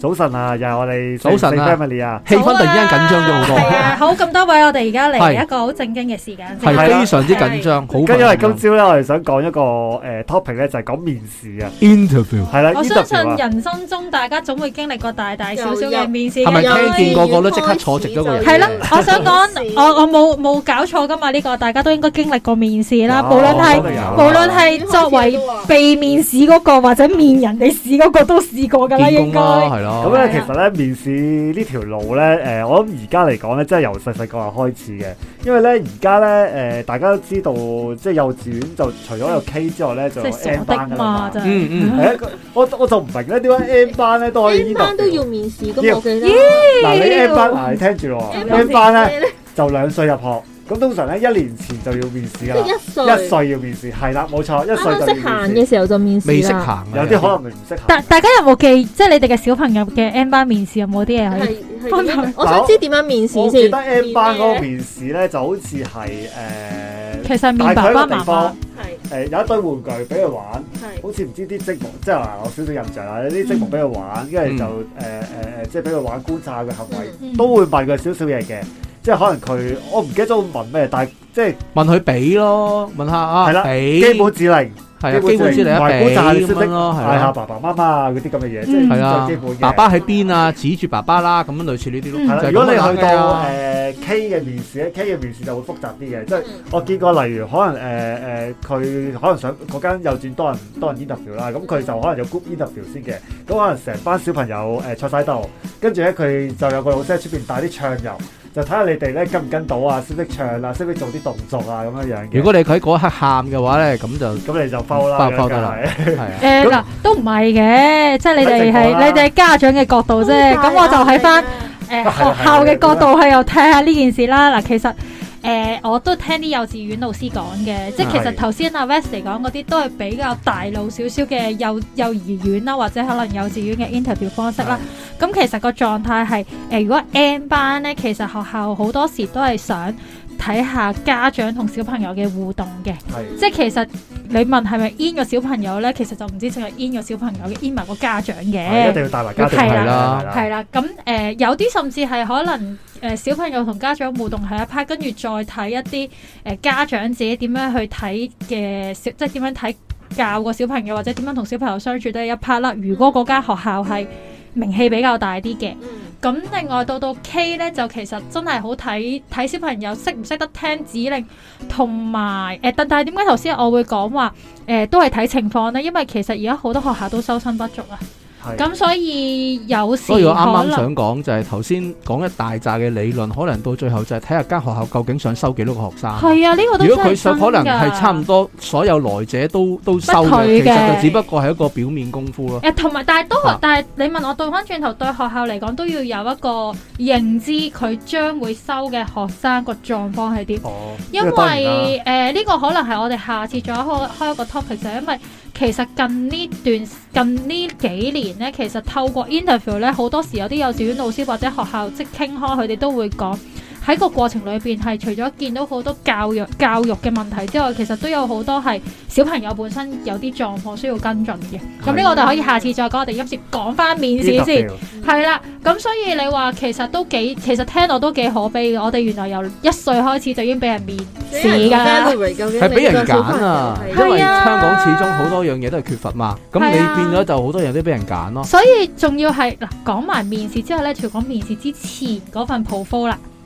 早晨啊，又係我哋 The Family。早晨啊，氣氛突然之間緊張咗好多。係啊，好，咁多位，我哋而家嚟一個好正經嘅時間。係非常之緊張，跟住因為今朝咧，我哋想講一個誒 topic 咧，就係講面試啊。Interview 係啦，我相信人生中大家總會經歷過大大小小嘅面試。係咪聽見個個都即刻坐直咗個位？係啦，我想講，我我冇冇搞錯㗎嘛？呢個大家都應該經歷過面試啦。無論係無論係作為被面試嗰個或者面人哋試嗰個，都試過㗎啦，應該。咁咧，哦嗯、其實咧、啊、面試呢條路咧，誒、呃，我諗而家嚟講咧，即係由細細個開始嘅，因為咧而家咧，誒、呃，大家都知道，即係幼稚園就除咗有 K 之外咧，嗯、就即係 M 班噶嘛，真係。嗯嗯。 欸、我我就唔明咧，點解 M 班咧都可以呢度？M 班都要面試噶。要。嗱，你 M 班，你聽住咯。M 班咧，就兩歲入學。咁通常咧，一年前就要面試啦，一歲要面試，係啦，冇錯，一歲就面試。識行嘅時候就面試啦。未識行，有啲可能未唔識行。但大家有冇記，即係你哋嘅小朋友嘅 N 班面試有冇啲嘢可以分享？我想知點樣面試先。我記得 N 班嗰個面試咧，就好似係誒，其實面白班麻煩，係有一堆玩具俾佢玩，好似唔知啲積木，即係話我少少印象啦，有啲積木俾佢玩，跟住就誒誒即係俾佢玩觀察嘅行為，都會問佢少少嘢嘅。即係可能佢，我唔記得咗問咩，但係即係問佢俾咯，問下啊，基本指令，係啊，基本指令啊，圍觀站嘅知識，帶下爸爸媽媽啊嗰啲咁嘅嘢，即係最基本。爸爸喺邊啊？指住爸爸啦，咁樣類似呢啲咯。如果你去到誒 K 嘅面試咧，K 嘅面試就會複雜啲嘅，即係我見過，例如可能誒誒佢可能想嗰間又轉多人多人 interview 啦，咁佢就可能有 group interview 先嘅，咁可能成班小朋友誒坐曬度，跟住咧佢就有個老師喺出邊帶啲唱遊。就睇下你哋咧跟唔跟到啊，識唔識唱啊，識唔識做啲動作啊咁樣樣。如果你佢嗰刻喊嘅話咧，咁就咁你就嬲啦，得梗係。誒嗱，都唔係嘅，即係你哋係你哋係家長嘅角度啫。咁、啊、我就喺翻誒學校嘅角度去又睇下呢件事啦。嗱，其實。誒、呃，我都聽啲幼稚園老師講嘅，即係其實頭先阿 Wesley 嚟講嗰啲都係比較大路少少嘅幼幼兒園啦，或者可能幼稚園嘅 interview 方式啦。咁是其實個狀態係誒，如果 N 班咧，其實學校好多時都係想。睇下家長同小朋友嘅互動嘅，是即係其實你問係咪 in 個小朋友呢？其實就唔知淨係 in 個小朋友嘅，in 埋個家長嘅，一定要帶埋家長嚟啦，係啦，咁誒、呃、有啲甚至係可能誒小朋友同家長互動係一 part，跟住再睇一啲誒家長自己點樣去睇嘅，即係點樣睇教個小朋友或者點樣同小朋友相處都係一 part 啦。如果嗰間學校係名氣比較大啲嘅。咁另外到到 K 咧，就其實真係好睇睇小朋友識唔識得聽指令，同埋誒，但但係點解頭先我會講話誒都係睇情況呢？因為其實而家好多學校都收生不足啊。咁所以有時，所以我啱啱想講就係頭先講一大扎嘅理論，可能到最後就係睇下間學校究竟想收幾多個學生。係啊，呢個都如果佢想，可能係差唔多所有來者都都收嘅。其實就只不過係一個表面功夫咯。誒，同埋，但係都，但係你問我倒翻轉頭，對學校嚟講都要有一個認知，佢將會收嘅學生個狀況係點？哦，因為誒呢個可能係我哋下次再開開一個 topic 就係因為。其實近呢段近呢幾年咧，其實透過 interview 咧，好多時有啲幼稚園老師或者學校即傾開，佢哋都會講。喺個過程裏邊，係除咗見到好多教育教育嘅問題之外，其實都有好多係小朋友本身有啲狀況需要跟進嘅。咁呢的，個我哋可以下次再講。我哋今次講翻面試先係啦。咁所以你話其實都幾其實聽落都幾可悲嘅。我哋原來由一歲開始就已經俾人面試噶啦，係俾人揀啊。的因為香港始終好多樣嘢都係缺乏嘛，咁的你變咗就好多人都俾人揀咯。所以仲要係嗱，講埋面試之後咧，除講面試之前嗰份 proposal 啦。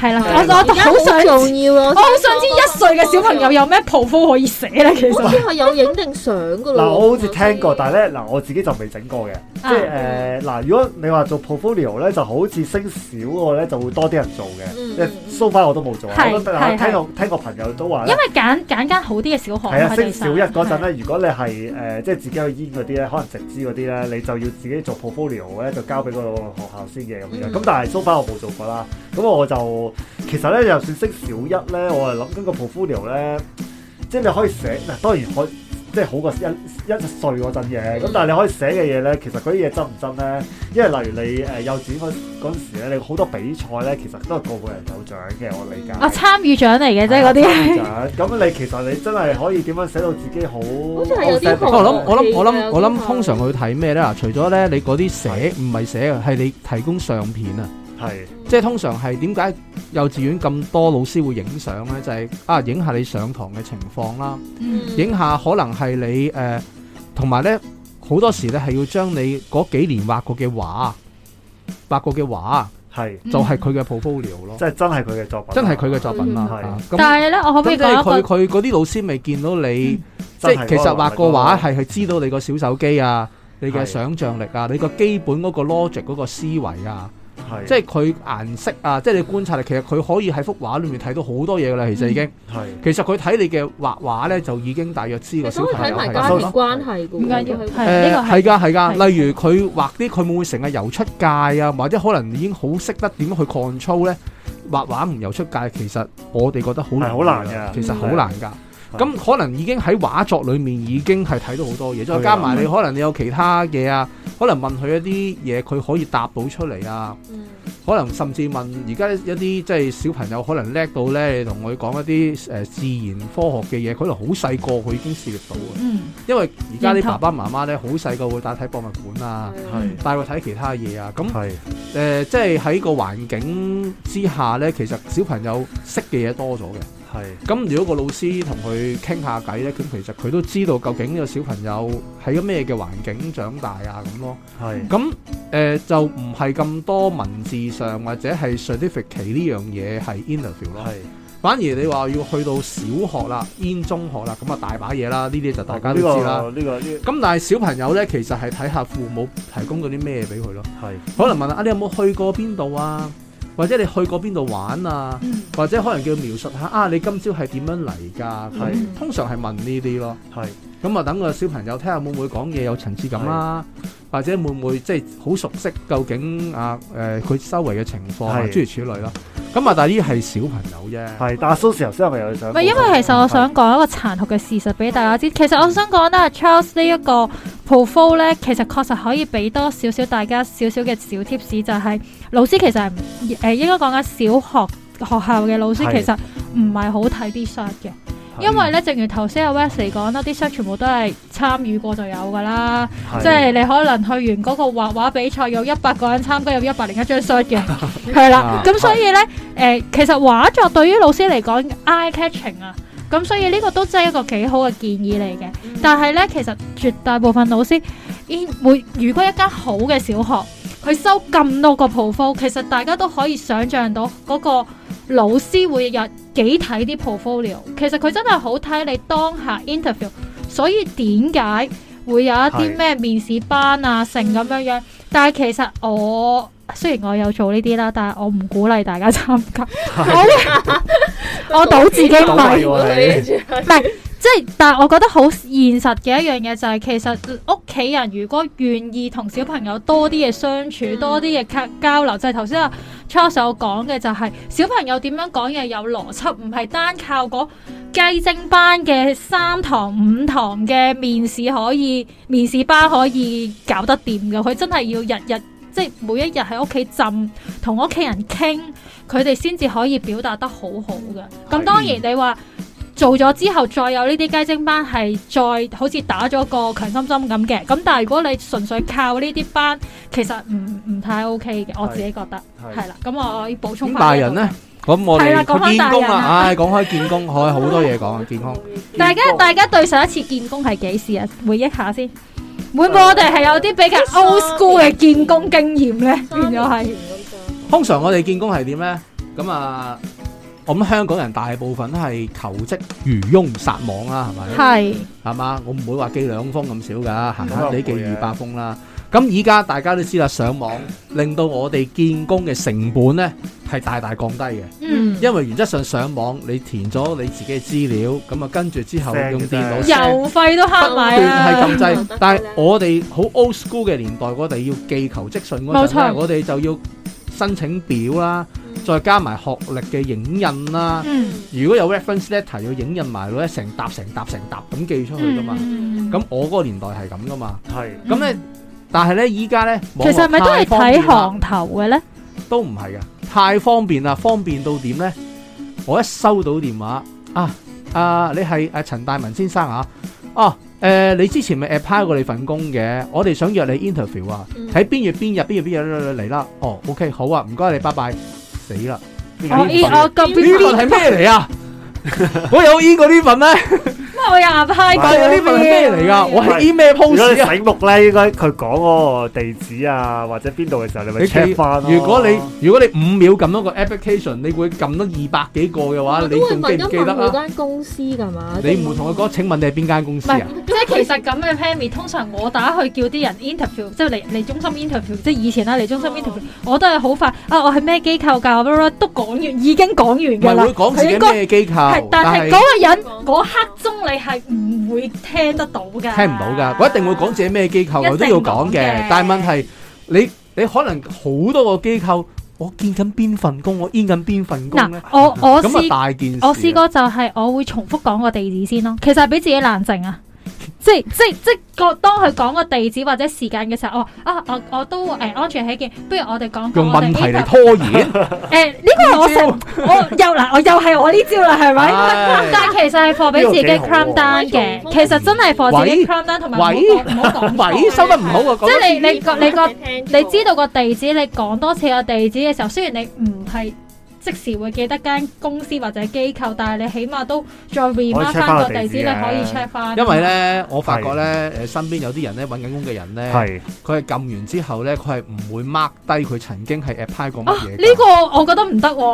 係啦，我就我好想知，我好想知一歲嘅小朋友有咩 portfolio 可以寫咧。其實好似有影定相噶咯。嗱，我好似聽過，但係咧，嗱，我自己就未整過嘅。即係誒，嗱，如果你話做 portfolio 咧，就好似升小個咧，就會多啲人做嘅。即 so far 我都冇做我聽我聽個朋友都話，因為揀揀間好啲嘅小學。係啊，升小一嗰陣咧，如果你係誒，即係自己去煙嗰啲咧，可能直資嗰啲咧，你就要自己做 portfolio 咧，就交俾嗰個學校先嘅咁樣。咁但係 so far 我冇做過啦，咁我就。其實咧，就算識小一咧，我係諗緊個 Portfolio 咧，即係你可以寫。嗱，當然可，即係好過一一歲嗰陣嘢。咁但係你可以寫嘅嘢咧，其實嗰啲嘢真唔真咧？因為例如你誒幼稚園嗰陣時咧，你好多比賽咧，其實都係個個人有獎嘅。我理解。啊，參與獎嚟嘅啫，嗰啲對。參與獎。咁 你其實你真係可以點樣寫到自己好？好我諗，我諗，我諗，我諗，通常去睇咩咧？除咗咧，你嗰啲寫唔係寫嘅，係你提供相片啊。係，即係通常係點解幼稚園咁多老師會影相咧？就係啊，影下你上堂嘅情況啦，影下可能係你誒，同埋咧，好多時咧係要將你嗰幾年畫過嘅畫，畫過嘅畫，係就係佢嘅 portfolio 咯，即係真係佢嘅作品，真係佢嘅作品啦。但係咧，我可唔可以佢佢佢嗰啲老師未見到你，即係其實畫過畫，係係知道你個小手機啊，你嘅想象力啊，你個基本嗰個 logic 嗰個思維啊。即係佢顏色啊，即係你觀察力，其實佢可以喺幅畫裏面睇到好多嘢噶啦，其實已經係。嗯、其實佢睇你嘅畫畫咧，就已經大約知個小朋友係咯。咁解要睇呢個係噶係噶。例如佢畫啲，佢會唔會成日游出界啊？或者可能已經好識得點去 control 咧？畫畫唔游出界，其實我哋覺得好難，好難噶，其實好難噶。的咁、嗯嗯、可能已經喺畫作裏面已經係睇到好多嘢，再的加埋你可能你有其他嘢啊，可能問佢一啲嘢，佢可以答到出嚟啊。嗯、可能甚至問而家一啲即係小朋友可能叻到呢，同佢講一啲誒、呃、自然科學嘅嘢，可能好細個佢已經涉獵到嘅。嗯、因為而家啲爸爸媽媽呢，好細個會帶睇博物館啊，係的帶佢睇其他嘢啊。咁係即係喺個環境之下呢，其實小朋友識嘅嘢多咗嘅。係，咁是如果個老師同佢傾下偈咧，咁其實佢都知道究竟呢個小朋友喺個咩嘅環境長大啊咁咯。係是，咁誒、呃、就唔係咁多文字上或者係 certificate 呢樣嘢係 interview 咯。係是，反而你話要去到小學啦，in 中學啦，咁啊大把嘢啦，呢啲就大家都知啦。呢、哦這個咁、這個這個、但係小朋友咧，其實係睇下父母提供嗰啲咩俾佢咯。係是，可能問下啊，你有冇去過邊度啊？或者你去過邊度玩啊？或者可能叫描述下啊，你今朝係點樣嚟噶、啊？係通常係問呢啲咯。咁啊，等個小朋友聽下會唔會講嘢有層次感啦、啊，的或者會唔會即係好熟悉究竟啊誒佢周圍嘅情況、啊、的諸如此類咯。咁啊，但係呢啲係小朋友啫。係，但係好多時候小朋友想唔是因為其實我想講一個殘酷嘅事實俾大家知，的其實我想講咧 Charles 呢一個 profile 咧，其實確實可以俾多少少大家少少嘅小 tips，就係、是、老師其實誒、呃、應該講緊小學學校嘅老師其實唔係好睇啲 shut 嘅。因為咧，正如頭先阿 West 嚟講啦，啲 shirt 全部都係參與過就有㗎啦。是即係你可能去完嗰個畫畫比賽，有一百個人參加，有一百零一張 shirt 嘅，係啦。咁所以咧，誒、 呃，其實畫作對於老師嚟講 eye catching 啊。咁所以呢個都真係一個幾好嘅建議嚟嘅。但係咧，其實絕大部分老師，每如果一間好嘅小學，佢收咁多個鋪課，其實大家都可以想像到嗰個老師會有。幾睇啲 portfolio，其實佢真係好睇你當下 interview，所以點解會有一啲咩面試班啊是成咁樣樣？但係其實我雖然我有做呢啲啦，但係我唔鼓勵大家參加，我是 我倒自己冇呢啲。 即係，但係我覺得好現實嘅一樣嘢就係，其實屋企人如果願意同小朋友多啲嘅相處，嗯、多啲嘅交流，就係頭先阿 Chow 所講嘅，就係小朋友點樣講嘢有邏輯，唔係單靠嗰雞精班嘅三堂五堂嘅面試可以，面試班可以搞得掂㗎。佢真係要日日，即係每一日喺屋企浸，同屋企人傾，佢哋先至可以表達得好好嘅。咁是當然你話。做咗之後，再有呢啲雞精班，係再好似打咗個強心針咁嘅。咁但係如果你純粹靠呢啲班，其實唔唔太 OK 嘅。我自己覺得係啦。咁我我要補充下。大人咧，咁我哋係啦，講開見工啊，唉，講開見工，可以好多嘢講啊，見工。大家大家對上一次見工係幾時啊？回憶下先。會唔會我哋係有啲比較 old school 嘅見工經驗咧？變咗係。通常我哋見工係點咧？咁啊。咁香港人大部分都係求職漁翁撒網啦，係咪？係，係嘛？我唔會話寄兩封咁少噶，行行哋寄二百封啦。咁依家大家都知啦，上網令到我哋建工嘅成本呢係大大降低嘅。嗯，因為原則上上網你填咗你自己嘅資料，咁啊跟住之後用電腦郵費都慳埋啦，不斷係撳制。但係我哋好 old school 嘅年代，我哋要寄求職信嗰陣，冇錯我哋就要。申請表啦，再加埋學歷嘅影印啦。嗯、如果有 reference letter，要影印埋咯，成沓成沓成沓咁寄出去噶嘛。咁、嗯、我嗰個年代係咁噶嘛。係咁咧，你嗯、但係咧依家咧，其實係咪都係睇行頭嘅咧？都唔係呀，太方便啦！方便到點咧？我一收到電話啊，啊，你係啊陳大文先生啊，哦、啊。誒，你之前咪 apply 過你份工嘅，我哋想約你 interview 啊，喺邊月邊日邊月邊日嚟啦。哦，OK，好啊，唔該你，拜拜，死啦！呢份係咩嚟啊？我有 inbox 呢份咩？我有 apply 過。但係呢份係咩嚟噶？我係 inbox 咩 post 如果你醒目咧，應該佢講個地址啊，或者邊度嘅時候，你咪 check 翻。如果你如果你五秒撳多個 application，你會撳多二百幾個嘅話，你記唔記得？我問一問間公司噶嘛？你唔同佢講，請問你係邊間公司啊？即係其實咁嘅 theme，通常我打去叫啲人 interview，即係嚟嚟中心 interview，即係以前啦嚟中心 interview，我都係好快啊！我係咩機構噶？咁樣都講完，已經講完噶啦。唔係會講自己咩機構，係但係嗰個人嗰刻鐘你係唔會聽得到噶。聽唔到噶，我一定會講自己咩機構，我都要講嘅。但係問題，你你可能好多個機構，我見緊邊份工，我 in 緊邊份工咧。我我大件事我試過就係我會重複講個地址先咯。其實俾自己冷靜啊。即係即係即係，當佢講個地址或者時間嘅時候，哦、啊我啊我我都誒安全起見，不如我哋講講。用問題拖延。誒、哎，呢、這個我 我又嗱，我又係我呢招啦，係咪？哎、但係其實係放俾自己 calm down 嘅，其實真係放自己 calm down。同埋唔好唔好講收得唔好嘅。即係是你你你個你，你，你，你知道個地址，你講多次個地址嘅時候，雖然你唔係。即時會記得間公司或者機構，但係你起碼都再 remark 翻個地址咧，可以 check 翻。因為咧，我發覺咧，誒身邊有啲人咧，揾緊工嘅人咧，佢係撳完之後咧，佢係唔會 mark 低佢曾經係 apply 過乜嘢。啊，呢個我覺得唔得喎。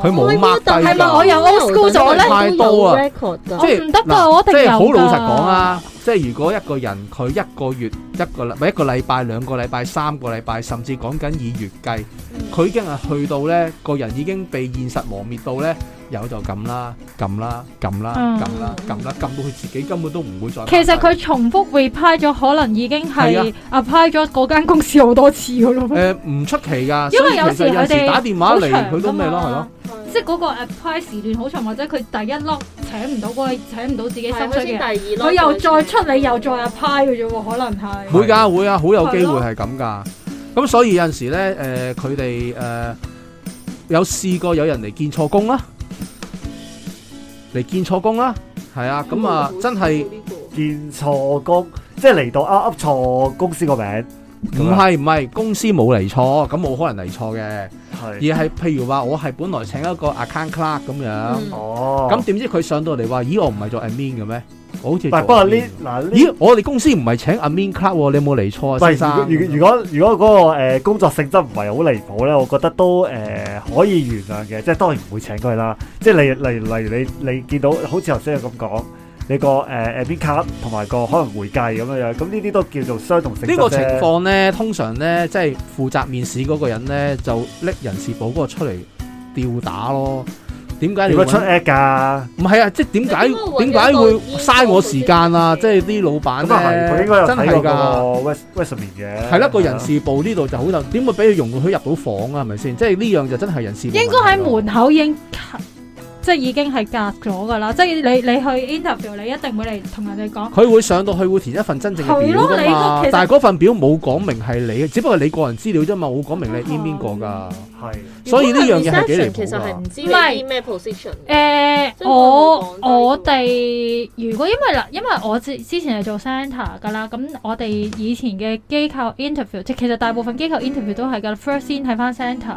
佢冇 mark 係咪？我有 old school 咗咧，都有 record 啊，即係唔得㗎，我一定有。即係好老實講啊！即係如果一個人佢一個月一個禮唔一個禮拜兩個禮拜三個禮拜，甚至講緊以月計，佢已經係去到呢，個人已經被現實磨滅到呢。有就撳啦，撳啦，撳啦，撳啦，撳啦，撳到佢自己根本都唔會再。其實佢重複 apply 咗，可能已經係啊 apply 咗嗰間公司好多次咯。誒，唔出奇㗎，因為有時佢哋打電話嚟，佢都未咯，係咯，即係嗰個 apply 時段好長，或者佢第一碌請唔到嗰個，請唔到自己心水嘅，佢又再出嚟又再 apply 嘅啫喎，可能係會㗎，會啊，好有機會係咁㗎。咁所以有陣時咧，誒佢哋誒有試過有人嚟見錯工啦。嚟見錯工啦，係啊，咁啊真係見錯工，即係嚟到啊噏錯公司個名，唔係唔係公司冇嚟錯，咁冇可能嚟錯嘅，是而係譬如話我係本來請一個 account clerk 咁樣，咁點、嗯哦、知佢上到嚟話，咦我唔係做 admin 嘅咩？好，但係不過呢，嗱，咦？我哋公司唔係請阿 Min Club，、啊、你有冇嚟錯啊？如如果如果嗰，那個誒、呃、工作性質唔係好離譜咧，我覺得都誒、呃、可以原諒嘅，即係當然唔會請佢啦。即係例如例如例如你你，你見到好似頭先咁講，你個誒誒邊卡同埋個可能會計咁樣樣，咁呢啲都叫做雙重性質。呢個情況咧，通常咧即係負責面試嗰個人咧，就拎人事部嗰個出嚟吊打咯。點解？你果出 at 㗎，唔係啊！即係點解點解會嘥我時間啊？即係啲老闆咧，真係㗎。佢應該有睇過 West e s 嘅，係啦。個人事部呢度就好有點會俾佢容許入到房啊？係咪先？即係呢樣就真係人事部、啊、應該喺門口應。即係已經係隔咗㗎啦，即係你你去 interview 你一定會嚟同人哋講。佢會上到去會填一份真正嘅表㗎嘛，但係嗰份表冇講明係你，只不過係你個人資料啫嘛，冇講明你係邊邊個㗎。所以呢樣嘢係幾離譜㗎。其實係唔知你咩 position。呃呃、我我哋如果因為啦，因為我之之前係做 center 㗎啦，咁我哋以前嘅機構 interview，即其實大部分機構 interview 都係㗎、嗯、，first 先睇翻 center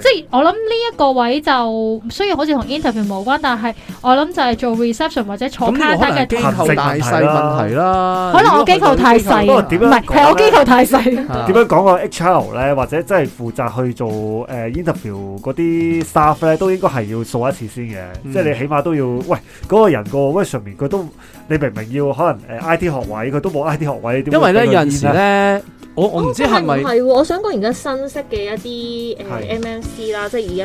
即係我諗呢一個位就雖然好似同 interview 冇關，但係我諗就係做 reception 或者坐卡單嘅。咁可能機構太細問題啦，啦可能我機構太細。不過點樣係我機構太細。點樣講個 HR 咧，或者即係負責去做誒、呃、interview 嗰啲 staff 咧，都應該係要掃一次先嘅。嗯、即係你起碼都要，喂嗰、嗰個人個 work 上面佢都，都你明明要可能誒 IT 學位，佢都冇 IT 學位。因為咧有陣時咧。我我唔知係唔係、哦？我想講而家新式嘅一啲誒 MMC 啦，呃是的 MM、c, 即係而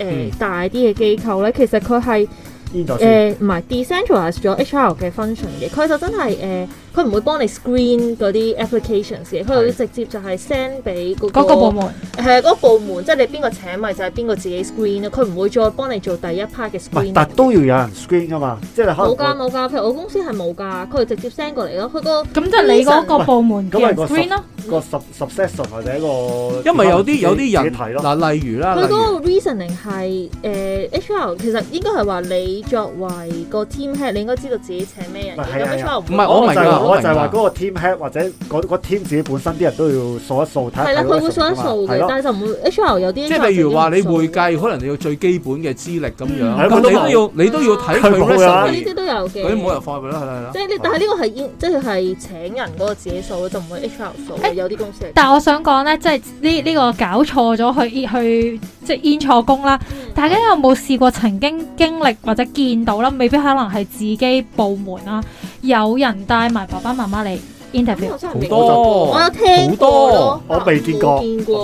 家誒大啲嘅機構咧，其實佢係誒唔係 decentralize 咗 HR 嘅 function 嘅，佢就真係誒。呃佢唔會幫你 screen 嗰啲 applications 先，佢直接就係 send 俾嗰個部門，係嗰、嗰個部門，即係你邊個請咪就係邊個自己 screen 啊！佢唔會再幫你做第一 part 嘅 screen。但都要有人 screen 噶嘛，即係冇㗎冇㗎。譬如我公司係冇㗎，佢哋直接 send 過嚟咯。佢、嗰個咁即係你嗰個部門嘅 screen 咯。個 sub success 係第一個，因為有啲有啲人嗱，例如啦，佢嗰個如 reasoning 係誒、呃、HR，其實應該係話你作為個 team head，你應該知道自己請咩人，有冇唔係我唔我就係話嗰個 team head 或者嗰 team 自己本身啲人都要掃一掃睇。係啦，佢會掃一掃嘅，但係就唔會 HR 有啲。即係譬如話你會計，可能你要最基本嘅資歷咁樣。咁你都要你都要睇佢。佢呢啲都有嘅。嗰啲冇人放入去啦，係啦係啦。即係但係呢個係即係係請人嗰個自己掃，就唔會 HR 掃。有啲公司。但係我想講咧，即係呢呢個搞錯咗去去，即係 in 錯工啦。大家有冇試過曾經經歷或者見到啦？未必可能係自己部門啦，有人帶埋。爸爸媽媽你 interview 好多，好多，我未見過，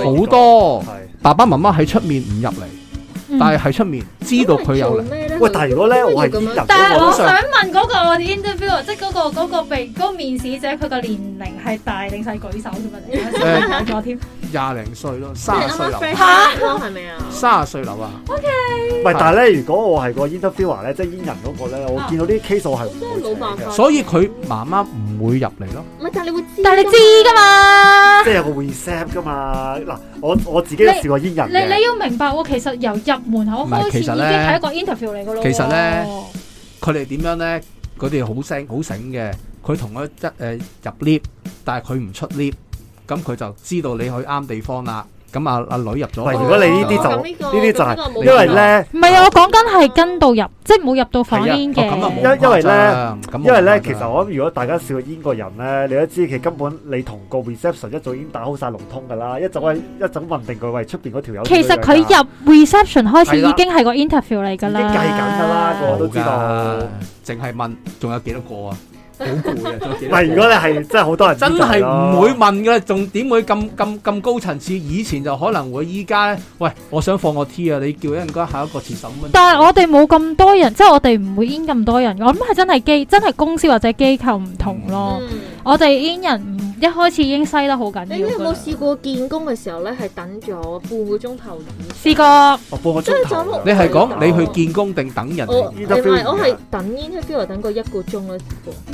好多。係是爸爸媽媽喺出面唔入嚟，嗯、但係喺出面知道佢有嚟。喂，但係如果咧，我係入咗網，但係我想問嗰個 interview，即係嗰、那個、那個被嗰、那個、面試者佢個年齡係大定細舉手咁啊？我咗添。廿零歲咯，卅歲樓嚇，係咪啊？卅歲樓啊。OK。喂，但係咧，如果我係個 interviewer 咧，即係煙人嗰個咧，啊、我見到啲 case，數係，所以佢媽媽唔會入嚟咯。唔係，但係你會知，但係你知㗎嘛？即係有個 r e c i t 㗎嘛？嗱， 我我自己都試過煙人。你你，你要明白喎、哦，其實由入門口開始已經係一個 interview 嚟㗎咯。其實咧，佢哋點樣咧？佢哋好醒好醒嘅。佢同我一誒入 lift，但係佢唔出 lift。咁佢就知道你去啱地方啦。咁啊阿女入咗。係是如果你呢啲就呢啲、哦這個、就係、是，啊、因為咧。唔係啊，我講緊係跟到入，啊、即係冇入到房煙嘅、啊。咁啊冇因為咧，因為咧，其實我諗，如果大家笑過煙個人咧，你都知，其實根本你同個 reception 一早已經打好晒龍通㗎啦，一早喺一早問定佢喂，出邊嗰條友。其實佢入 reception 開始已經係個 interview 嚟㗎啦、啊。已經計緊㗎啦，我都知道，淨係問仲有幾多個啊？好攰嘅，總係如果你係真係好多人，真係唔會問嘅，仲點會咁咁咁高層次？以前就可能會，依家喂，我想放個 T 啊，你叫人家下一個前審乜？但係我哋冇咁多人，即係我哋唔會 in 咁多人。我諗係真係機，真係公司或者機構唔同咯。嗯、我哋 in 人。一開始已經西得好緊要。你咧有冇試過見工嘅時候咧，係等咗半個鐘頭？試過。半個鐘頭？你係講你去見工定等人？唔係，我係等 interview 等過一個鐘咧，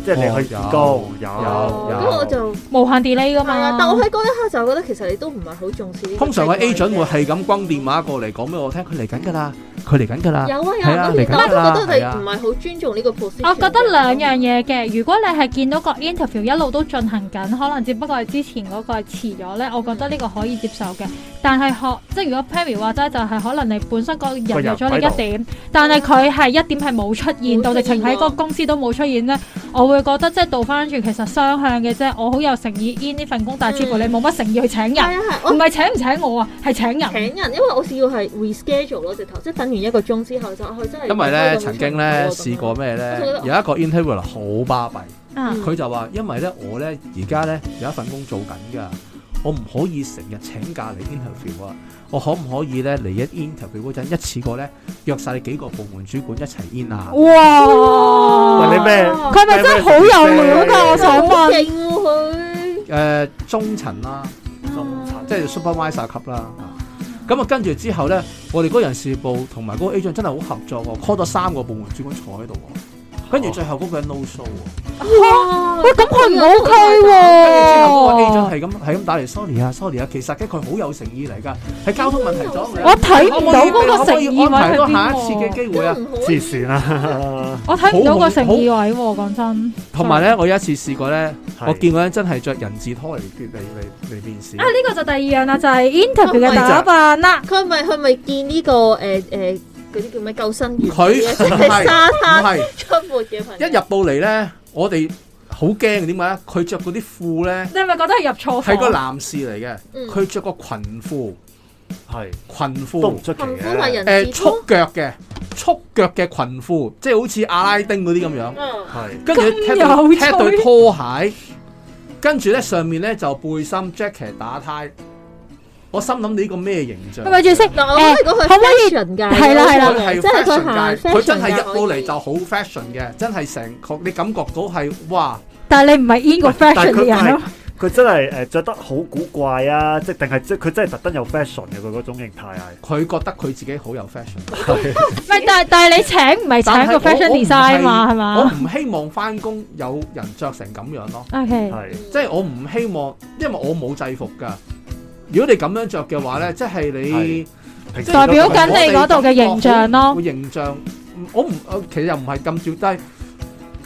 即係你去自有，有有。咁我就無限電你㗎嘛，但我喺嗰一刻就覺得其實你都唔係好重視。通常喺 agent 會係咁轟電話過嚟講俾我聽，佢嚟緊㗎啦。佢嚟緊㗎啦、啊，有啊有，嚟、啊、覺得係唔係好尊重呢個 position 我覺得兩樣嘢嘅，啊、如果你係見到個 interview 一路都進行緊，可能只不過係之前嗰個係遲咗咧，我覺得呢個可以接受嘅。嗯、但係學即係如果 Perry 話齋，就係可能你本身個人約咗你一點，嗯、但係佢係一點係冇出現，出現到，直情喺個公司都冇出現呢，我會覺得即係倒翻轉其實雙向嘅啫。我好有誠意、嗯、in 呢份工，但係似乎你冇乜誠意去請人，唔係、嗯、請唔請我啊，係請人。請人，因為我要是要係 reschedule 咯，直頭等完一個鐘之後就，去，因為咧曾經咧試過咩咧，有一個 interview 啦，好巴閉，佢就話，因為咧我咧而家咧有一份工做緊噶，我唔可以成日請假嚟 interview 啊，我可唔可以咧嚟 inter 一 interview 嗰陣一次過咧約晒你幾個部門主管一齊 in 啊？哇！哇問你咩？佢咪真係好有料噶？麼我想，想問，誒、呃，中層啦、啊，嗯、即係 supervisor 級啦、啊。咁啊，跟住之後咧，我哋嗰人事部同埋嗰個 agent 真係好合作喎，call 咗三個部門專員坐喺度跟住最後嗰個人 no show 喎，哇！喂，咁佢唔好嘅喎。跟住之後嗰個機長係咁係咁打嚟，sorry 啊，sorry 啊。其實佢好有誠意嚟噶，係交通問題阻住我，睇唔到嗰個誠意位喺邊啊，我睇唔到個誠意位喎，講真。同埋咧，我有一次試過咧，我見嗰人真係着人字拖嚟嚟嚟面試。啊，呢個就第二樣啦，就係 interview 嘅打扮啦。佢咪佢咪見呢個誒誒？嗰啲叫咩救生員，佢係沙灘係出沒嘅朋友。一入到嚟咧，我哋好驚，點解咧？佢着嗰啲褲咧，你係咪覺得入錯房。係個男士嚟嘅，佢着個裙褲，係裙褲，是裙褲都唔出奇嘅、呃。束腳嘅束腳嘅裙褲，即係好似阿拉丁嗰啲咁樣。係跟住踢對拖鞋，跟住咧上面咧就背心 jacket 打呔。我心諗你呢個咩形象？係咪最識？可唔可以？可唔可以？係啦係啦，真係好。佢真係入到嚟就好 fashion 嘅，真係成，你感覺到係哇！但係你唔係英國 fashion 人咯？佢真係誒著得好古怪啊！即係定係即係佢真係特登有 fashion 嘅佢嗰種形態係？佢覺得佢自己好有 fashion。咪但係但係你請唔係請個 fashion designer 嘛？係嘛？我唔希望翻工有人著成咁樣咯。OK，係即係我唔希望，因為我冇制服㗎。如果你咁樣著嘅話咧，即係你代表緊你嗰度嘅形象咯。形象，我唔，我其實又唔係咁照低。但係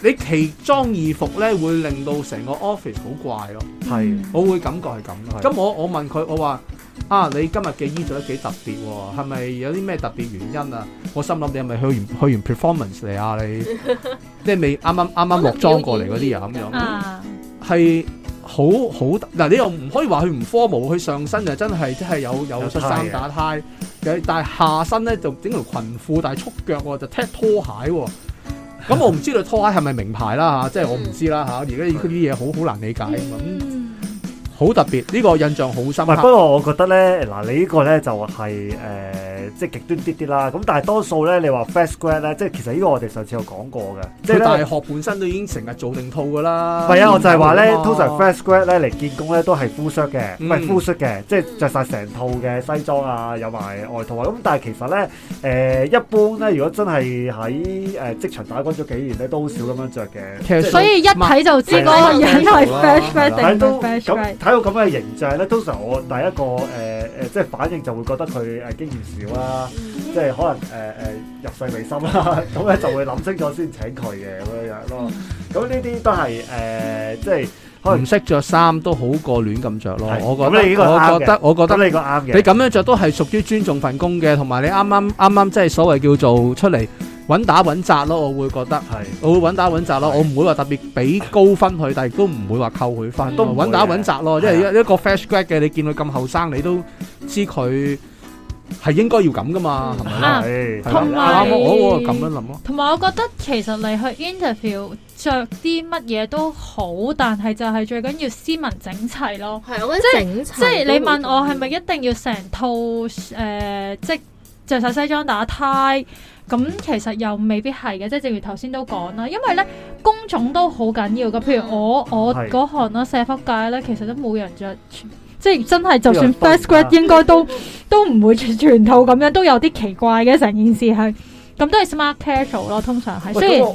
你奇裝異服咧，會令到成個 office 好怪咯。係，我會感覺係咁咯。咁我我問佢，我話啊，你今日嘅衣著都幾特別喎，係咪有啲咩特別原因啊？我心諗你係咪去完去完 performance 嚟啊？你即係未啱啱啱啱落妝過嚟嗰啲啊咁樣。係。好好嗱，你又唔可以話佢唔科模，佢上身就真係真係有有恤衫打呔嘅，但係下身咧就整條裙褲，但係束腳喎、啊、就踢拖鞋喎、啊，咁我唔知道拖鞋係咪名牌啦嚇，即係我唔知啦嚇，而家呢啲嘢好好難理解咁，好、嗯嗯、特別呢、呢個印象好深刻不。不過我覺得咧嗱，你個呢個咧就係、是、誒。呃即係極端啲啲啦，咁但係多數咧，你話 fresh grad 咧，即係其實呢個我哋上次有講過嘅，即係大學本身都已經成日做定套噶啦。係啊、嗯，我就係話咧，嗯、通常 fresh grad 咧嚟見工咧都係 full shirt 嘅，唔係 full shirt 嘅，嗯、即係着晒成套嘅西裝啊，有埋外套啊。咁但係其實咧，誒、呃、一般咧，如果真係喺誒職場打工咗幾年咧，都好少咁樣着嘅。其實所以一睇就知嗰個人係 fresh grad 睇到咁睇到咁嘅形象係咧，通常我第一個誒。呃誒、呃、即係反應就會覺得佢誒、呃、經驗少啦，即係可能誒誒、呃呃、入世未深啦，咁咧就會諗清楚先請佢嘅咁樣樣咯。咁呢啲都係誒、呃，即係可能唔識着衫都好過亂咁着咯。我覺得我覺得我覺得呢個啱嘅，你咁樣着都係屬於尊重份工嘅，同埋你啱啱啱啱即係所謂叫做出嚟。穩打穩紮咯，我會覺得，我會穩打穩紮咯，我唔會話特別俾高分佢，但亦都唔會話扣佢分。都唔穩打穩紮咯，因為一一個 fresh grad 嘅，你見佢咁後生，你都知佢係應該要咁㗎嘛。係咪？啊，同埋我好咁樣諗咯。同埋我覺得其實你去 interview 着啲乜嘢都好，但係就係最緊要斯文整齊咯。係，我覺得即係你問我係咪一定要成套誒，即係著曬西裝打 tie。咁其實又未必係嘅，即係正如頭先都講啦，因為咧工種都好緊要㗎，譬如我我嗰行啦，社福界咧，其實都冇人着，的即係真係就算 first grade 應該都 都唔會全套咁樣，都有啲奇怪嘅，成件事係，咁都係 smart casual 咯，通常係，喂雖然。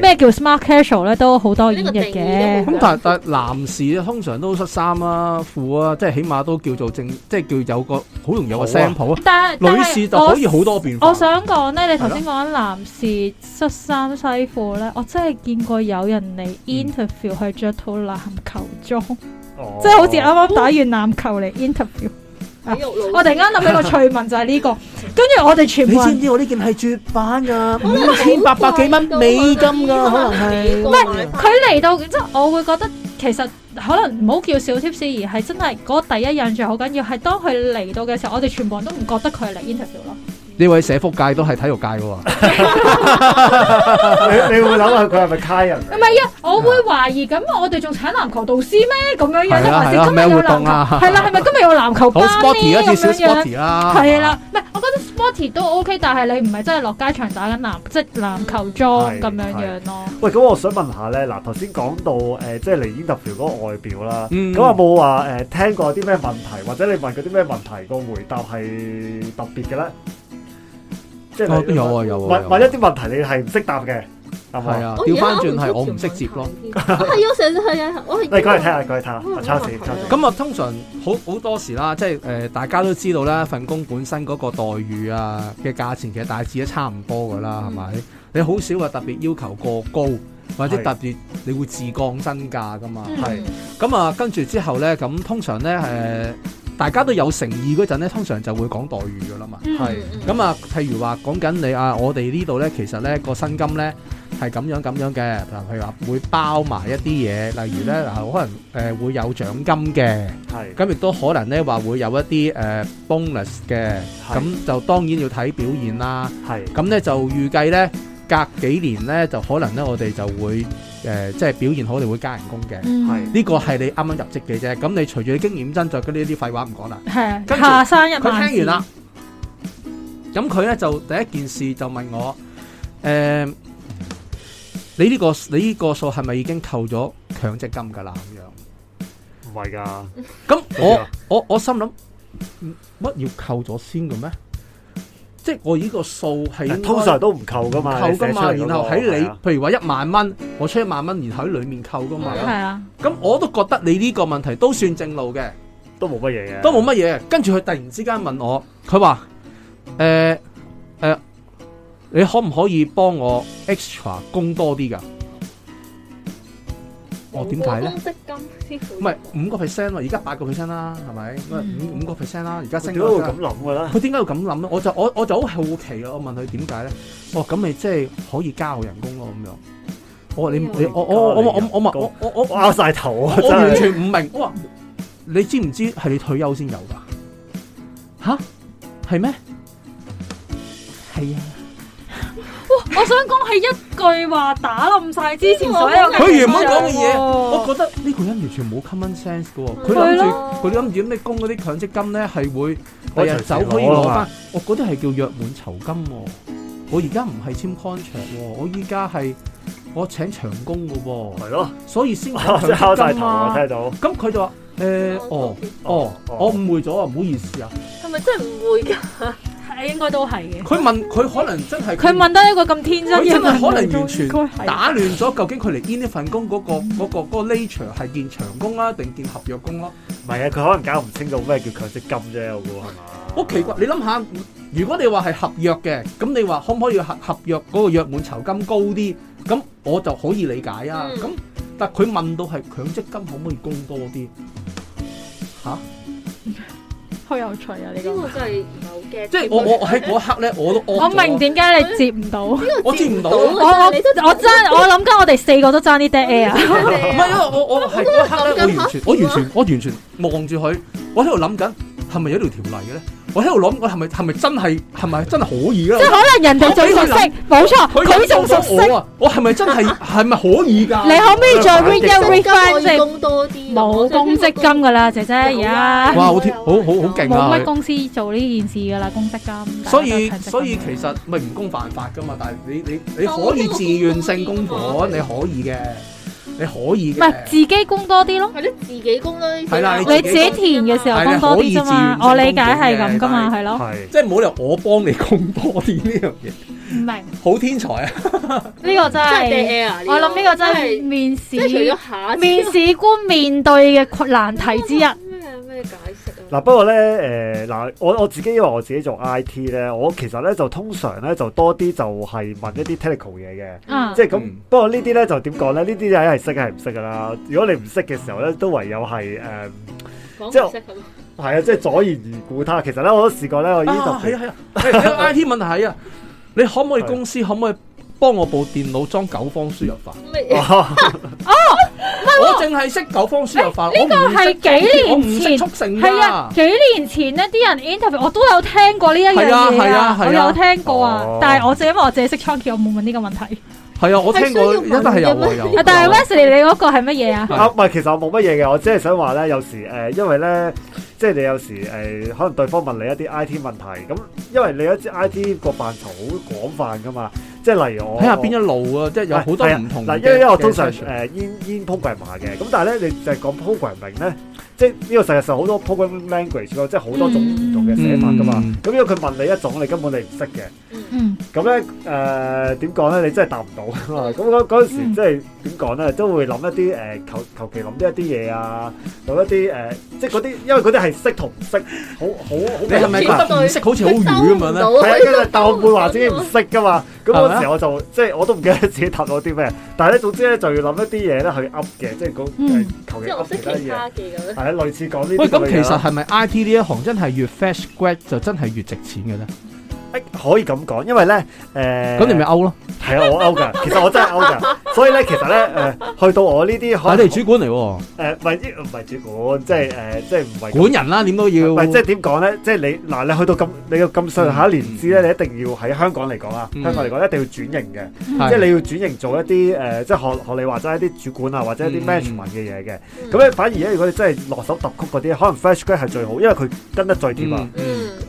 咩叫 smart casual 咧？都好多演繹嘅。咁但係但係男士通常都恤衫啊、褲啊，即係起碼都叫做正，即係叫有個好容易有個 sample 啊。但係女士就可以好多變化。我，我想講咧，你頭先講緊男士恤衫西褲咧，的我真係見過有人嚟 interview，去着套籃球裝，嗯、 即係好似啱啱打完籃球嚟 interview。我突然間諗起個趣聞就係呢、這個，跟住我哋全部 你知唔知我呢件係絕版噶，五千八百幾蚊美金噶，可能係唔係佢嚟到即係我會覺得其實可能唔好叫小 tips 而係真係嗰第一印象好緊要係當佢嚟到嘅時候，我哋全部人都唔覺得佢係嚟 interview 咯。呢位社福界都係體育界喎、啊， 你會諗下佢係咪揩人？唔係啊，我會懷疑咁，我哋仲請籃球導師咩？咁樣樣啦，係啊，係咩、啊啊啊、活動係、啊、啦，係咪、啊、今日有籃球班咧？咁、啊、樣樣，係啦、啊，唔係、啊，我覺得 sporty 都 OK，但係你唔係真係落街場打緊籃，即、就、係、是、籃球裝咁樣樣咯。喂，咁我想問下咧，嗱頭先講到誒，即、呃、係嚟、就是、Interview 嗰個外表啦，咁、嗯、有冇話誒聽過啲咩問題，或者你問過啲咩問題，個回答係特別嘅咧？即係有啊有啊，問一啲問題你係唔識答嘅，係啊，調翻轉係我唔識接咯。係啊，成日係我係你過嚟睇下，過嚟睇。叉住叉住。咁啊，通常好好多時啦，即係誒，大家都知道啦，份工本身嗰個待遇啊嘅價錢其實大致都差唔多噶啦，係咪？你好少話特別要求過高，或者特別你會自降身價噶嘛？係。咁啊，跟住之後咧，咁通常咧誒。大家都有誠意嗰陣呢，通常就會講待遇㗎喇嘛，係咁啊。譬如話講緊你啊，我哋呢度呢，其實呢個薪金呢係咁樣咁樣嘅，嗱譬如話會包埋一啲嘢，例如呢嗱，可能誒會有獎金嘅，係咁亦都可能呢話會有一啲誒 bonus 嘅，咁就當然要睇表現啦，係咁呢就預計呢隔幾年呢就可能呢我哋就會。誒，即係表現好，我哋會加人工嘅。係呢個係你啱啱入職嘅啫。咁你隨住你經驗增進呢啲廢話唔講啦。係下山入，佢聽完啦。咁佢咧就第一件事就問我：誒，你呢個你呢個數係咪已經扣咗強積金噶啦？咁樣唔係噶。咁我我我心諗乜要扣咗先嘅咩？即係我呢個數係，通常都唔扣噶嘛，扣噶嘛。然後喺你，對啊、譬如話一萬蚊，我出一萬蚊，然後喺裏面扣噶嘛。係啊。咁、啊、我都覺得你呢個問題都算正路嘅，都冇乜嘢嘅，都冇乜嘢。跟住佢突然之間問我，佢話，誒、呃、誒、呃，你可唔可以幫我 extra 供多啲噶？我點解咧？唔係五個 percent 喎，而家八個 percent 啦，係咪？五五個 percent 啦，而家升到咁諗嘅啦。佢點解會咁諗咧？我就我我就好好奇啊。我問佢點解咧？哦，咁咪即係可以加我人工咯咁樣。我話你你我我我我我我我我拗曬頭啊！我完全唔明。我話你知唔知係你退休先有噶？吓，係咩？係啊。我想講係一句話，打冧晒之前所有佢原本講嘅嘢，我覺得呢個人完全冇 common sense 噶。佢諗住嗰啲咁咩供嗰啲強積金咧，係會第日走可以攞翻，我嗰啲係叫約滿酬金。我而家唔係簽 contract，我依家係我請長工噶。係咯，所以先。我聽到。咁佢就話：誒，哦，哦，我誤會咗啊，唔好意思啊。係咪真係誤會噶佢問佢可能真係佢問得一個咁天真嘅問題，可能完全打亂咗究竟佢嚟 in 呢份工嗰個嗰個嗰個 nature 係建長工啊定建合約工咯？唔係啊，佢可能搞唔清楚咩叫強積金啫喎，係嘛？好奇怪！你諗下，如果你話係合約嘅，咁你話可唔可以合合約嗰個約滿酬金高啲？咁我就可以理解啊。咁但係佢問到係強積金可唔可以供多啲嚇？好有趣啊！呢、這個真係唔係好驚。即係我我喺嗰我我一刻咧， 我都我我明點解你接唔到？ 接到我接唔到。的我我我真我諗緊，我哋四個都爭啲 dead air 啊！唔係啊！我我喺嗰一刻咧，我完全我完全我完全望住佢，我喺度諗緊係咪有條條例嘅咧？我喺度諗，我係咪係咪真係係咪真係可以噶？即係可能人哋最熟悉，冇錯，佢仲熟悉啊！我係咪真係係咪可以噶？你可唔可以再 read your reference？冇公積金噶啦，姐姐呀！哇，好好好好勁啊！冇乜公司做呢件事噶啦，公積金。所以所以其實唔係唔公犯法噶嘛，但係你你你可以自願性供款，你可以嘅。你可以嘅，唔係自己供多啲咯，係咯，自己供多啲先啦。你自己填嘅時候供多啲啫嘛，我理解係咁噶嘛，係咯，即係冇理由我幫你供多啲呢樣嘢。唔明，好天才啊！呢個真係，我諗呢個真係面試，面試官面對嘅難題之一。咩咩解釋？嗱，不過咧，誒、呃，嗱，我我自己因為我自己做 I T 咧，我其實咧就通常咧就多啲就係問一啲 technical 嘢嘅，啊、即係咁。嗯、不過呢啲咧就點講咧？呢啲嘢係識係唔識㗎喇。如果你唔識嘅時候咧，都唯有係誒，即係，係啊，即係左右而言他。其實咧我都試過咧，我已經特別係 I T 問題啊，你可唔可以公司可唔可以幫我部電腦裝九方輸入法？麼 我淨係識九方輸入法，欸，這個、我唔識快捷，我唔識速成㗎，係啊，幾年前呢啲人 interview 我都有聽過呢一樣嘢，係啊係、啊啊、我有聽過啊。哦、但係我就因為我淨係識倉頡，我冇問呢個問題。係啊，我聽過，但係 Wesley 你嗰個係乜嘢啊？Ley, 啊，唔係、啊，其實我冇乜嘢嘅，我只係想話咧，有時誒、呃，因為咧。即係你有時誒、呃，可能對方問你一啲 I T 問題，咁因為你一知 I T 個範疇好廣泛噶嘛，即係例如我睇下邊一路啊，我即係有好多唔、啊啊、同嘅、啊。嗱，因為我通常 p 誒，in in programming 嘅，咁、呃、但係咧，你就係講 programming 咧。即係呢個世界上好多 programming language 咯，即係好多種唔同嘅寫法噶嘛。咁因為佢問你一種，你根本你唔識嘅。咁咧誒點講咧？你真係答唔到噶嘛。咁嗰嗰時即係點講咧？都、嗯、會諗一啲誒求求其諗一啲嘢啊，諗一啲誒、呃、即係嗰啲，因為嗰啲係識同唔識，好好好。你係咪答唔識好似好愚咁樣咧？係啊，跟住但我會話自己唔識噶嘛。咁陣時我就嗎即係我都唔記得自己答咗啲咩。但係咧總之咧就要諗一啲嘢咧去噏嘅，即係講求其噏其他嘢。嗯。類似講呢啲喂，咁其實係咪 I T 呢一行真係越 fresh grad 就真係越值錢嘅咧？.可以咁講，因為咧，誒，咁你咪勾咯，係啊，我勾噶，其實我真係勾噶，所以咧，其實咧，誒，去到我呢啲，我哋主管嚟，誒，唔係唔係主管，即係誒，即係唔係管人啦，點都要，即係點講咧，即係你嗱，你去到咁，你咁上下一年資咧，你一定要喺香港嚟講啊，香港嚟講一定要轉型嘅，即係你要轉型做一啲誒，即係學學你話齋一啲主管啊，或者一啲 management 嘅嘢嘅，咁咧反而咧，如果你真係落手揼曲嗰啲，可能 fresh grad 係最好，因為佢跟得最掂啊，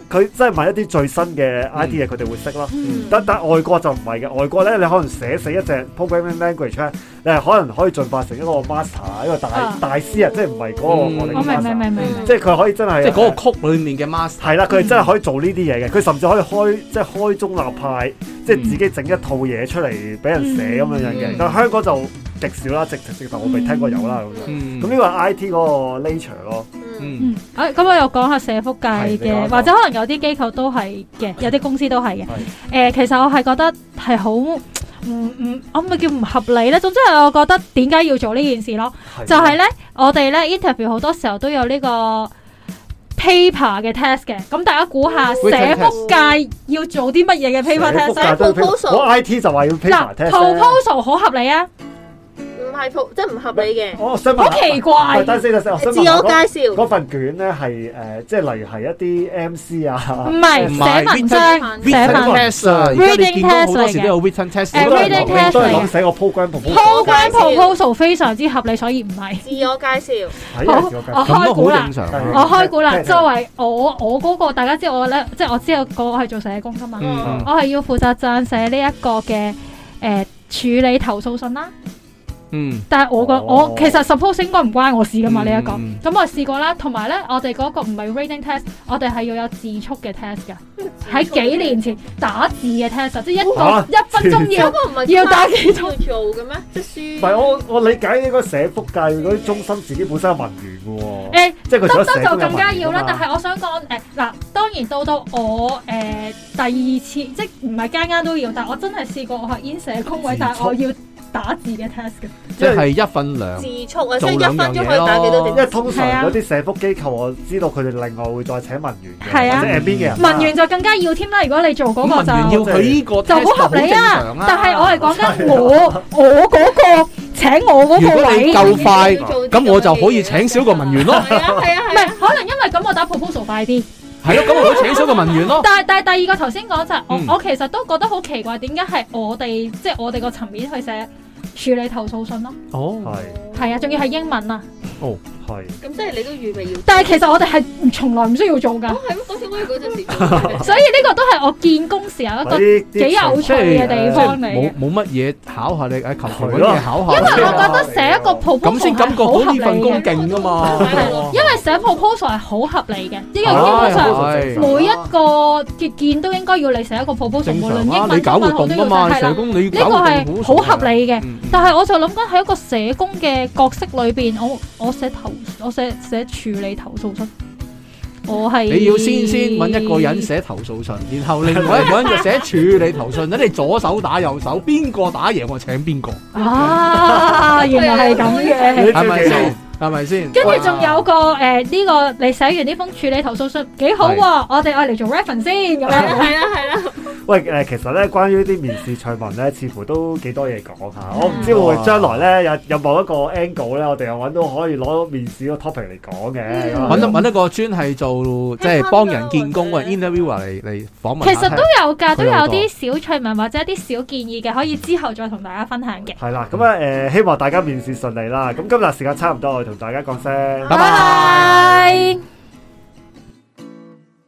佢真係問一啲最新嘅。idea 佢哋會識咯，嗯，但但係外國就唔係嘅，外國咧你可能寫死一隻 programming language。誒可能可以進化成一個 master，一個大大師啊！即係唔係嗰個我哋嘅 master 即係佢可以真係即係嗰個曲裏面嘅 master。係啦，佢真係可以做呢啲嘢嘅。佢甚至可以開即係開宗立派，即係自己整一套嘢出嚟俾人寫咁樣樣嘅。但係香港就極少啦，直直直頭我未聽過有啦咁樣。咁呢個係 IT 嗰個 nature 咯。嗯，咁我又講下社福界嘅，或者可能有啲機構都係嘅，有啲公司都係嘅。誒，其實我係覺得係好。唔唔，可唔可以叫唔合理咧？總之係我覺得點解要做呢件事咯？就係咧，我哋咧 interview 好多時候都有呢個 paper 嘅 test 嘅。咁大家估下，社福界要做啲乜嘢嘅 paper test？寫 proposal，我 IT 就話要 paper proposal 好合理啊！即係唔合理嘅，好奇怪。自我介紹。嗰份卷咧係誒，即係例如係一啲 M C 啊，唔係寫文章、寫文 test reading test 嚟嘅。誒 reading test 嚟嘅。寫個 program proposal 非常之合理，所以唔係。自我介紹。我開估啦。我開估啦，作為我我嗰個大家知我咧，即係我知我係做社工噶嘛，我係要負責撰寫呢一個嘅誒處理投訴信啦。嗯，但係我覺我其實 suppose 應該唔關我事噶嘛呢一個，咁我試過啦，同埋咧我哋嗰個唔係 reading test，我哋係要有字速嘅 test 噶，喺幾年前打字嘅 test，即係一個一分鐘要要打幾多？做嘅咩？即係唔係我我理解嗰個社福界嗰啲中心自己本身有文員喎，誒，即係佢想寫嘅更加要啦，但係我想講誒嗱，當然到到我誒第二次，即係唔係間間都要，但我真係試過我係寫工位，但係我要。打字嘅 task 嘅，即係一份兩字速啊，即係一分鐘可以打幾多字？因為通常有啲社福機構，我知道佢哋另外會再請文員。係啊，文員就更加要添啦。如果你做嗰個，文員要佢呢個就好合理啊。但係我係講緊我我嗰個請我嗰個位。如果你夠快，咁我就可以請少個文員咯。係啊，係啊，係啊，可能因為咁，我打 proposal 快啲。係咯，咁我去起咗個文員咯。但係，但係第二個頭先講就我我其實都覺得好奇怪，點解係我哋即係我哋個層面去寫處理投訴信咯？哦是，係係啊，仲要係英文啊？哦。咁即係你都預備要，但係其實我哋係從來唔需要做㗎。哦，係，嗰時嗰陣時，所以呢個都係我見工時候一個幾有趣嘅地方嚟。冇冇乜嘢考下你，喺求水啦，考下。因為我覺得寫一個 proposal 好合理嘅，因為 proposal 基本上每一個結件都應該要你寫一個 proposal，無論英文、中文都要寫。係啦，呢個係好合理嘅，但係我就諗緊喺一個社工嘅角色裏邊，我我寫頭。我寫寫處理投訴信，我係，你要先先揾一個人寫投訴信，然後另外一個人就寫處理投訴，咁你左手打右手，邊個打贏我請邊個。啊， 原來係咁嘅。 係咪 係咪先？跟住仲有個誒呢個你寫完呢封處理投訴信幾好喎，我哋愛嚟做 reference 先咁樣。係啊，係啊。喂誒，其實咧關於啲面試趣聞咧，似乎都幾多嘢講吓。我唔知會唔會將來咧有有某一個 angle 咧，我哋又揾到可以攞面試個 topic 嚟講嘅，揾得揾一個專係做即係幫人見工嘅 interviewer 嚟嚟訪問。其實都有㗎，都有啲小趣聞或者啲小建議嘅，可以之後再同大家分享嘅。係啦，咁啊誒，希望大家面試順利啦。咁今日時間差唔多。同大家講聲，拜拜。